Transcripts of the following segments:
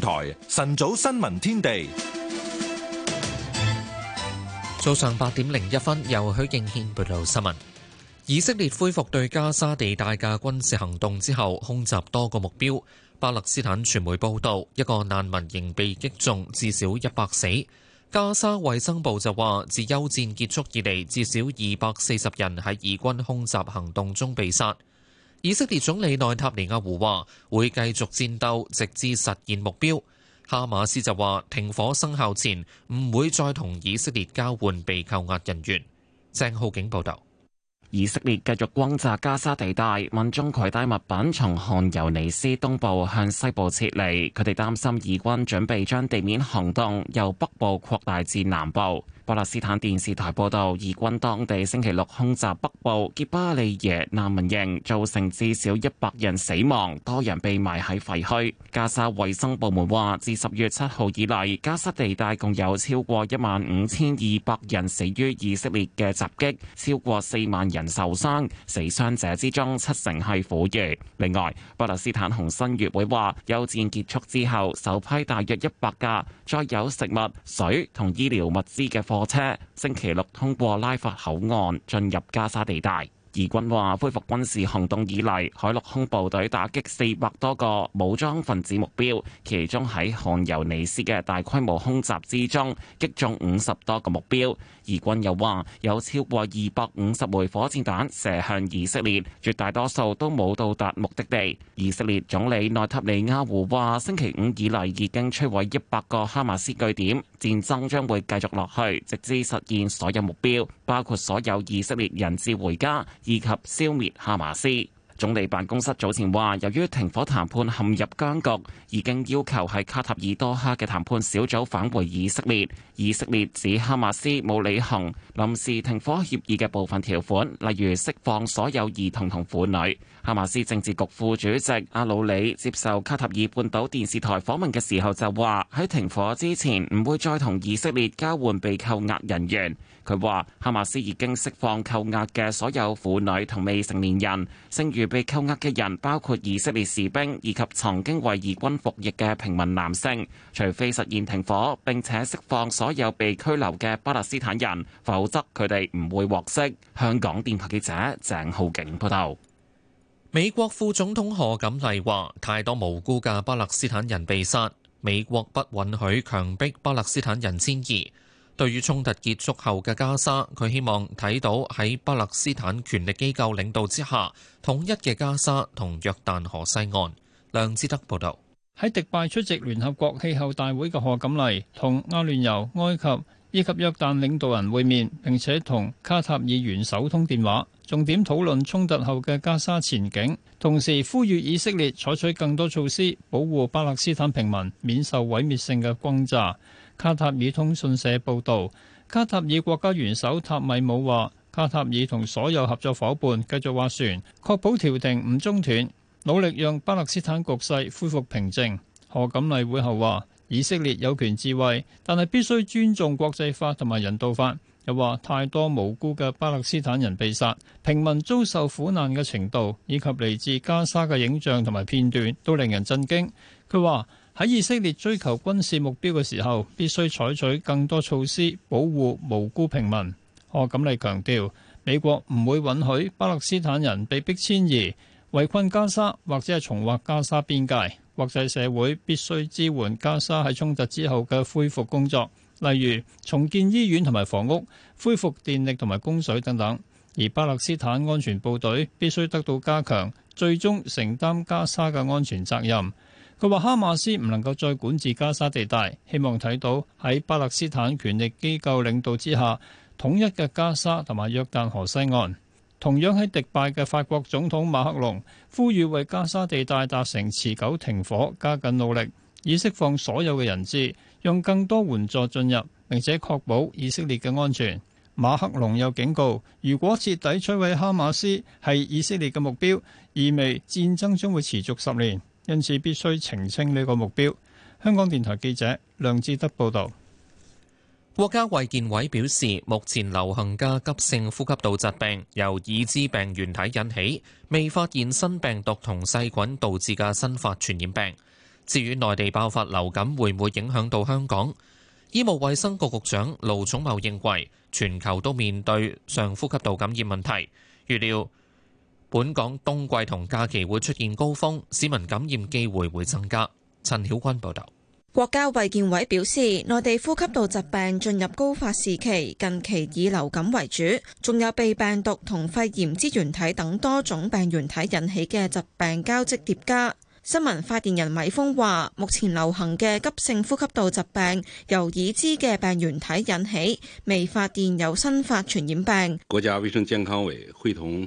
台晨早新聞天地，早上八點零一分，由許敬軒報道新聞。以色列恢復對加沙地帶嘅軍事行動之後，空襲多個目標。巴勒斯坦傳媒報道，一個難民營被擊中，至少一百死。加沙衛生部就話，自休戰結束以嚟，至少二百四十人喺以軍空襲行動中被殺。以色列總理內塔尼亞胡話會繼續戰鬥，直至實現目標。哈馬斯就話停火生效前唔會再同以色列交換被扣押人員。鄭浩景報道：以色列繼續轟炸加沙地帶，民眾攜帶物品從汗尤尼斯東部向西部撤離。佢哋擔心以軍準備將地面行動由北部擴大至南部。巴勒斯坦電視台報道，以軍當地星期六空襲北部傑巴利耶難民營造成至少一百人死亡，多人被埋喺廢墟。加沙衛生部門話自十月七號以嚟，加沙地帶共有超過一萬五千二百人死於以色列嘅襲擊，超過四萬人受傷，死傷者之中七成係婦孺。另外，巴勒斯坦紅新月會話休戰結束之後首批大約一百架載有食物、水同醫療物資嘅貨。火車星期六通過拉法口岸進入加沙地帶。以軍話恢復軍事行動以嚟，海陸空部隊打擊四百多個武裝分子目標，其中喺汗尤尼斯嘅大規模空襲之中擊中五十多個目標。以軍又話有超過二百五十枚火箭彈射向以色列，絕大多數都冇到達目的地。以色列總理內塔尼亞胡話星期五以嚟，已經摧毀一百個哈馬斯據點。戰爭將會繼續落去，直至實現所有目標，包括所有以色列人質回家，以及消滅哈馬斯。總理辦公室早前話，由於停火談判陷入僵局，已經要求喺卡塔爾多哈嘅談判小組返回以色列。以色列指哈馬斯冇履行臨時停火協議嘅部分條款，例如釋放所有兒童同婦女。哈馬斯政治局副主席阿魯里接受卡塔爾半島電視台訪問嘅時候就話，喺停火之前唔會再同以色列交換被扣押人員。佢話：哈馬斯已經釋放扣押嘅所有婦女同未成年人，剩餘被扣押嘅人包括以色列士兵以及曾經為以軍服役嘅平民男性，除非實現停火並且釋放所有被拘留嘅巴勒斯坦人，否則佢哋唔會獲釋。香港電台記者鄭浩景報道。美國副總統何錦麗話：太多無辜嘅巴勒斯坦人被殺，美國不允許強迫巴勒斯坦人遷移。對於衝突結束後嘅加沙，佢希望睇到喺巴勒斯坦權力機構領導之下統一嘅加沙同約旦河西岸。梁志德報道，喺迪拜出席聯合國氣候大會嘅賀錦麗，同阿聯酋、埃及以及約旦領導人會面，並且同卡塔爾元首通電話，重點討論衝突後嘅加沙前景，同時呼籲以色列採取更多措施保護巴勒斯坦平民免受毀滅性嘅轟炸。卡塔爾通訊社報導，卡塔爾國家元首塔米姆話：卡塔爾同所有合作伙伴繼續劃船，確保調停唔中斷，努力讓巴勒斯坦局勢恢復平靜。何錦麗會後話：以色列有權自衛，但係必須尊重國際法同埋人道法。又話太多無辜嘅巴勒斯坦人被殺，平民遭受苦難嘅程度，以及嚟自加沙嘅影像同埋片段都令人震驚。佢話，喺以色列追求軍事目標嘅時候，必須採取更多措施保護無辜平民。賀錦麗強調，美國唔會允許巴勒斯坦人被逼遷移、圍困加沙或者係重劃加沙邊界，國際社會必須支援加沙喺衝突之後嘅恢復工作，例如重建醫院同埋房屋、恢復電力同埋供水等等。而巴勒斯坦安全部隊必須得到加強，最終承擔加沙嘅安全責任。佢話：他說哈馬斯唔能夠再管治加沙地帶，希望睇到喺巴勒斯坦權力機構領導之下統一嘅加沙同埋約旦河西岸。同樣喺迪拜嘅法國總統馬克龍呼籲為加沙地帶達成持久停火，加緊努力以釋放所有嘅人質，用更多援助進入，並且確保以色列嘅安全。馬克龍又警告，如果徹底摧毀哈馬斯係以色列嘅目標，意味戰爭將會持續十年。因此必須澄清呢個目標。香港電台記者梁志德報道。國家衛健委表示，目前流行嘅急性呼吸道疾病由已知病原體引起，未發現新病毒同細菌導致嘅新發傳染病。至於內地爆發流感會唔會影響到香港？醫務衛生局局長盧寵茂認為，全球都面對上呼吸道感染問題，預料。本港冬季同假期會出現高峰，市民感染機會會增加。陳曉君報導。國家衛健委表示，內地呼吸道疾病進入高發時期，近期以流感為主，仲有被病毒同肺炎支原體等多種病原體引起嘅疾病交織疊加。新聞發言人米峰話：目前流行嘅急性呼吸道疾病由已知嘅病原體引起，未發現有新發傳染病。國家衛生健康委會同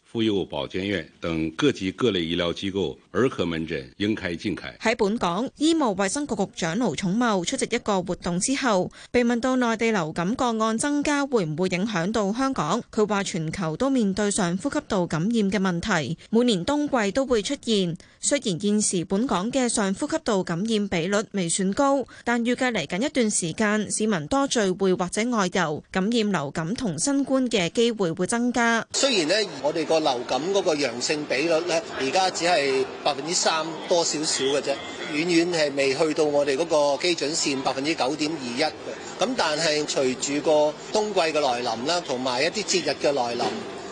婦幼保健院等各級各類醫療機構兒科門診應開盡開。喺本港，醫務衛生局局長盧寵茂出席一個活動之後，被問到內地流感個案增加會唔會影響到香港，佢話全球都面對上呼吸道感染嘅問題，每年冬季都會出現。雖然現時本港嘅上呼吸道感染比率未算高，但預計嚟緊一段時間，市民多聚會或者外遊，感染流感同新冠嘅機會會增加。雖然咧，我哋個流感嗰個陽性比率咧，而家只係百分之三多少少嘅啫，遠遠係未去到我哋嗰個基準線百分之九點二一嘅。咁但係隨住個冬季嘅來臨啦，同埋一啲節日嘅來臨，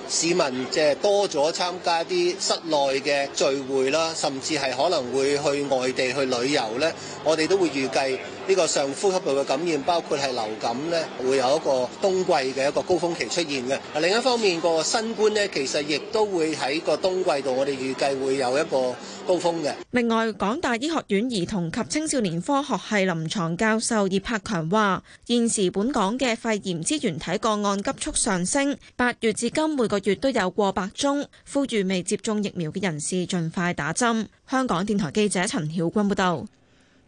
市民即係多咗參加一啲室內嘅聚會啦，甚至係可能會去外地去旅遊咧，我哋都會預計。呢個上呼吸道嘅感染，包括係流感呢，會有一個冬季嘅一個高峯期出現嘅。另一方面，個新冠呢，其實亦都會喺個冬季度，我哋預計會有一個高峯嘅。另外，港大醫學院兒童及青少年科學系臨床教授葉柏強話：現時本港嘅肺炎支原體個案急速上升，八月至今每個月都有過百宗，呼籲未接種疫苗嘅人士盡快打針。香港電台記者陳曉君報導。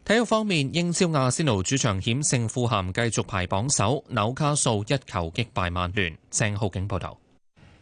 體育方面，英超亞仙奴主場險勝富咸，繼續排榜首。紐卡素一球擊敗曼聯。鄭浩景報道。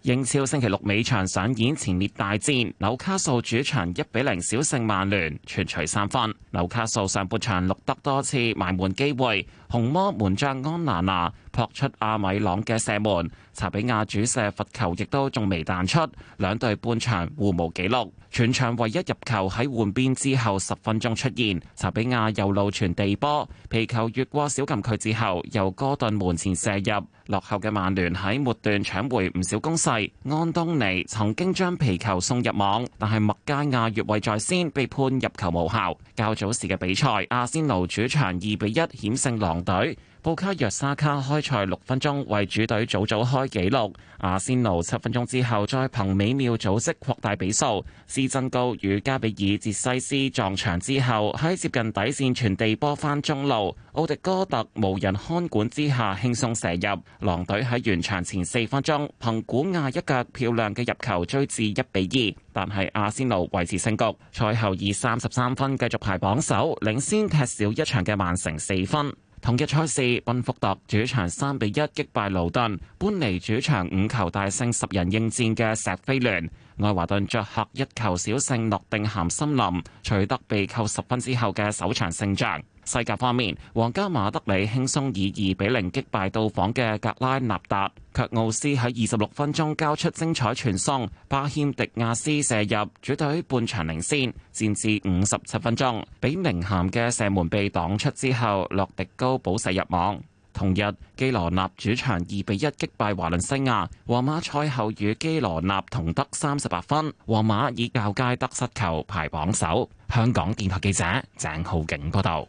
英超星期六尾場上演前列大戰，紐卡素主場一比零小勝曼聯，全取三分。紐卡素上半場錄得多次埋門機會。紅魔門將安那拿撲出阿米朗嘅射門，查比亞主射罰球亦都仲未彈出，兩隊半場互無紀錄。全場唯一入球喺換邊之後十分鐘出現，查比亞右路傳地波，皮球越過小禁區之後由哥頓門前射入。落後嘅曼聯喺末段搶回唔少攻勢，安東尼曾經將皮球送入網，但係麥加亞越位在先，被判入球無效。較早時嘅比賽，阿仙奴主場二比一險勝狼。隊布卡約沙卡開賽六分鐘為主隊早早開紀錄，阿仙奴七分鐘之後再憑美妙組織擴大比數。斯增高與加比爾捷西斯撞牆之後，喺接近底線傳地波翻中路，奧迪哥特無人看管之下輕鬆射入。狼隊喺完場前四分鐘憑古亞一腳漂亮嘅入球追至一比二，但係阿仙奴維持勝局，賽後以三十三分繼續排榜首，領先踢少一場嘅曼城四分。同一賽事，賓福特主場三比一擊敗盧頓，搬離主場五球大勝十人應戰嘅石飛聯。愛華頓作客一球小勝諾定鹹森林，取得被扣十分之後嘅首場勝仗。西甲方面，皇家馬德里輕鬆以二比零擊敗到訪嘅格拉納達，卻奧斯喺二十六分鐘交出精彩傳送，巴謙迪亞斯射入，主隊半場領先，戰至五十七分鐘，比明涵嘅射門被擋出之後，洛迪高補射入網。同日，基羅納主場二比一擊敗華倫西亞，皇馬賽後與基羅納同得三十八分，皇馬以較佳得失球排榜首。香港電台記者鄭浩景報道。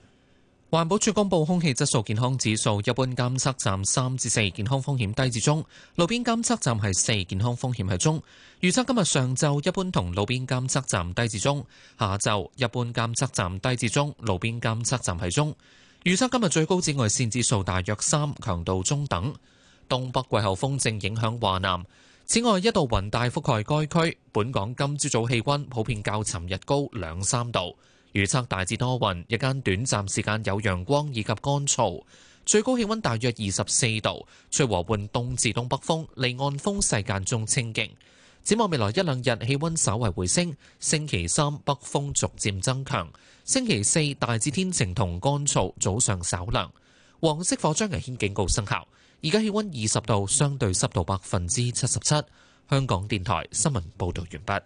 環保署公布空氣質素健康指數，一般監測站三至四，健康風險低至中；路邊監測站係四，健康風險係中。預測今日上晝一般同路邊監測站低至中，下晝一般監測站低至中，路邊監測站係中。預測今日最高紫外線指數大約三，強度中等。東北季候風正影響華南，此外一道雲帶覆蓋該區。本港今朝早，早氣溫普遍較尋日高兩三度。預測大致多雲，日間短暫時間有陽光以及乾燥，最高氣温大約二十四度，吹和緩東至東北風，離岸風勢間中清勁。展望未來一兩日氣温稍為回升，星期三北風逐漸增強，星期四大致天晴同乾燥，早上稍涼。黃色火災危險警告生效，而家氣温二十度，相對濕度百分之七十七。香港電台新聞報道完畢。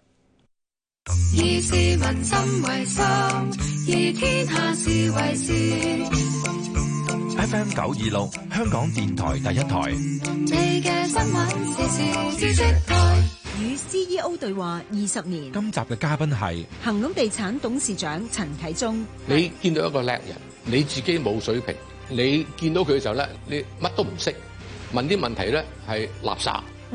以市民心為心，以天下事為事。FM 九二六，香港電台第一台，你嘅新聞時事知識台。與 CEO 對話二十年。今集嘅嘉賓係恒隆地產董事長陳啟宗。你見到一個叻人，你自己冇水平，你見到佢嘅時候咧，你乜都唔識，問啲問題咧係垃圾，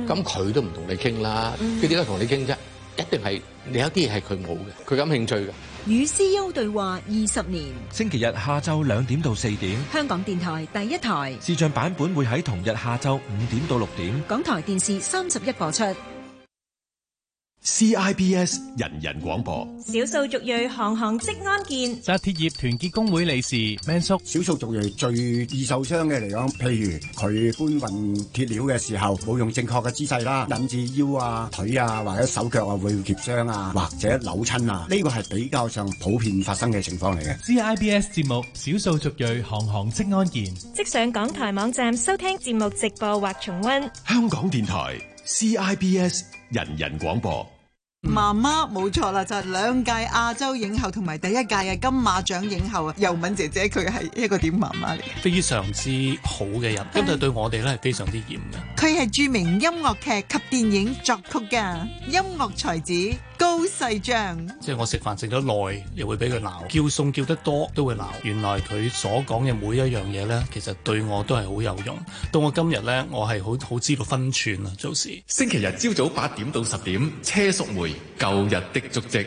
咁佢都唔同你傾啦，佢點解同你傾啫？一定係你有啲嘢係佢冇嘅，佢感興趣嘅。與 CEO 對話二十年，星期日下晝兩點到四點，香港電台第一台視像版本會喺同日下晝五點到六點，港台電視三十一播出。CIBS 人人廣播，少數族裔行行即安健，紮鐵業團結工會理事 Man 叔，少數族裔最易受傷嘅嚟講，譬如佢搬運鐵料嘅時候冇用正確嘅姿勢啦，導致腰啊、腿啊或者手腳啊會夾傷啊，或者扭親啊，呢個係比較上普遍發生嘅情況嚟嘅。CIBS 節目，少數族裔行行即安健，即上港台網站收聽節目直播或重温香港電台。CIBS 人人廣播，媽媽冇錯啦，就係、是、兩屆亞洲影后同埋第一屆嘅金馬獎影后啊，尤敏姐姐佢係一個點媽媽嚟嘅，非常之好嘅人，咁就對我哋咧係非常之嚴嘅。佢係是著名音樂劇及電影作曲嘅音樂才子。高細將，即係我食飯食得耐，又會俾佢鬧，叫餸叫得多都會鬧。原來佢所講嘅每一樣嘢呢，其實對我都係好有用。到我今日呢，我係好好知道分寸啊，做事。星期日朝早八點到十點，車淑梅，舊日的足跡。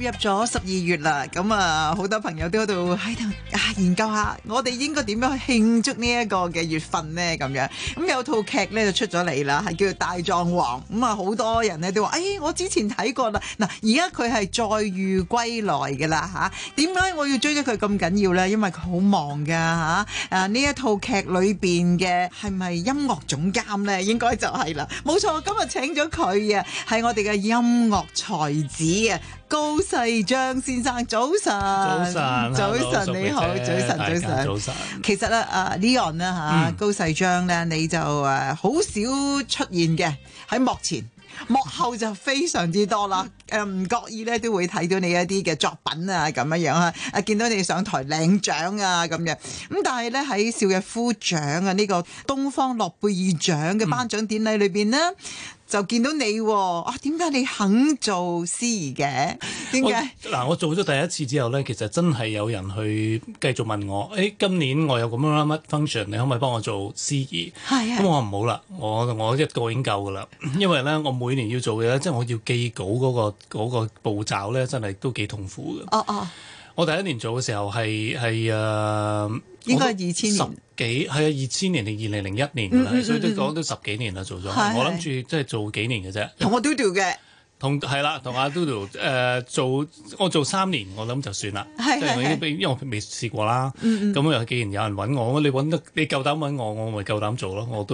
入咗十二月啦，咁啊好多朋友都喺度喺度研究下，我哋應該點樣去慶祝呢一個嘅月份咧？咁樣咁有套劇咧就出咗嚟啦，係叫做《大狀王》。咁啊，好多人咧都話：，誒、哎，我之前睇過啦，嗱，而家佢係載譽歸來嘅啦，吓，點解我要追咗佢咁緊要咧？因為佢好忙噶吓。啊，呢一套劇裏邊嘅係咪音樂總監咧？應該就係啦，冇錯，今日請咗佢啊，係我哋嘅音樂才子啊，高。高世章先生早晨，早晨，早晨你好，早晨，早晨，早晨。其實咧，阿 Leon 啦、嗯，吓，高世章咧，你就誒好少出現嘅喺幕前， 幕後就非常之多啦。 誒唔覺意咧，都會睇到你一啲嘅作品啊，咁樣樣啊，見到你上台領獎啊，咁樣。咁但係咧喺邵逸夫獎啊，呢、這個東方諾貝爾獎嘅頒獎典禮裏面呢，嗯、就見到你啊。啊，點解你肯做司儀嘅？點解？嗱，我做咗第一次之後咧，其實真係有人去繼續問我。誒、哎，今年我有咁樣乜 function，你可唔可以幫我做司儀、係啊？咁我唔好啦，我我一個已經夠噶啦。因為咧，我每年要做嘅咧，即、就、係、是、我要記稿嗰、那個。嗰個步驟咧，真係都幾痛苦嘅。哦哦，我第一年做嘅時候係係誒，係 uh, 應該係二千年十幾，係啊二千年定二零零一年啦，mm hmm. 所以都講都十幾年啦做咗。Mm hmm. 我諗住即係做幾年嘅啫。同我 Dudo 嘅，同係啦，同阿 Dudo 誒、uh, 做，我做三年，我諗就算啦。係係、mm hmm.，因為我未試過啦。咁樣、mm hmm. 既然有人揾我，你揾得你夠膽揾我，我咪夠膽做咯。我。